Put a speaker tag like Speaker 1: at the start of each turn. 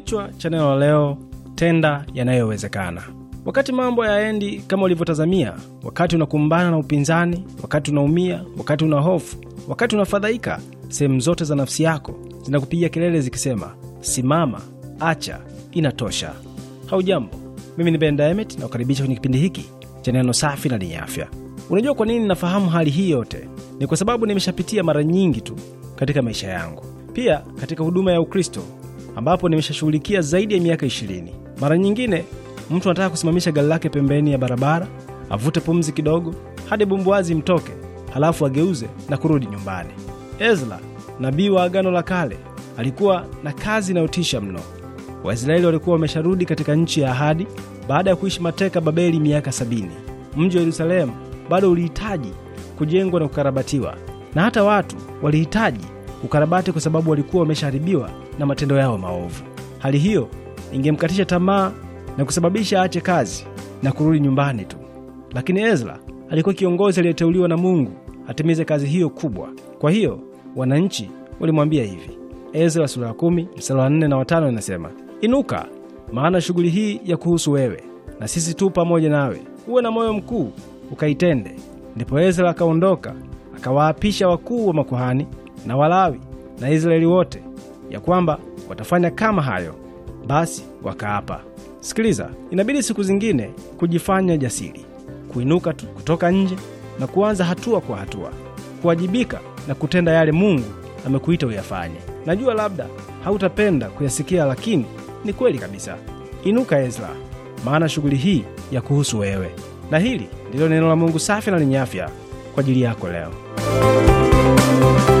Speaker 1: Kichwa cha neno la leo, tenda yanayowezekana. Wakati mambo yaendi kama ulivyotazamia, wakati unakumbana na upinzani, wakati unaumia, wakati una hofu, wakati unafadhaika, sehemu zote za nafsi yako zinakupiga kelele zikisema, simama, acha, inatosha. Haujambo, mimi ni bendamet na kukaribisha kwenye kipindi hiki cha neno safi na lenye afya. Unajua kwa nini nafahamu hali hii yote? Ni kwa sababu nimeshapitia mara nyingi tu katika maisha yangu, pia katika huduma ya Ukristo ambapo nimeshashughulikia zaidi ya miaka 20. Mara nyingine mtu anataka kusimamisha gari lake pembeni ya barabara, avute pumzi kidogo hadi bumbuazi mtoke, halafu ageuze na kurudi nyumbani. Ezra nabii wa Agano la Kale alikuwa na kazi inayotisha mno. Waisraeli walikuwa wamesharudi katika nchi ya ahadi baada ya kuishi mateka Babeli miaka sabini. Mji wa Yerusalemu bado ulihitaji kujengwa na kukarabatiwa, na hata watu walihitaji ukarabati kwa sababu walikuwa wameshaharibiwa na matendo yao maovu. Hali hiyo ingemkatisha tamaa na kusababisha aache kazi na kurudi nyumbani tu, lakini Ezra alikuwa kiongozi aliyeteuliwa na Mungu atimize kazi hiyo kubwa. Kwa hiyo wananchi walimwambia hivi, Ezra sura ya kumi mstari wa nne na watano inasema, inuka, maana shughuli hii ya kuhusu wewe na sisi tu pamoja nawe, uwe na moyo mkuu ukaitende. Ndipo Ezra akaondoka akawaapisha wakuu wa makuhani na Walawi na Israeli wote ya kwamba watafanya kama hayo, basi wakaapa. Sikiliza, inabidi siku zingine kujifanya jasiri, kuinuka tu, kutoka nje na kuanza hatua kwa hatua, kuwajibika na kutenda yale Mungu amekuita uyafanye. Najua labda hautapenda kuyasikia, lakini ni kweli kabisa. Inuka Ezra, maana shughuli hii ya kuhusu wewe. Na hili ndilo neno la Mungu safi na lenye afya kwa ajili yako leo.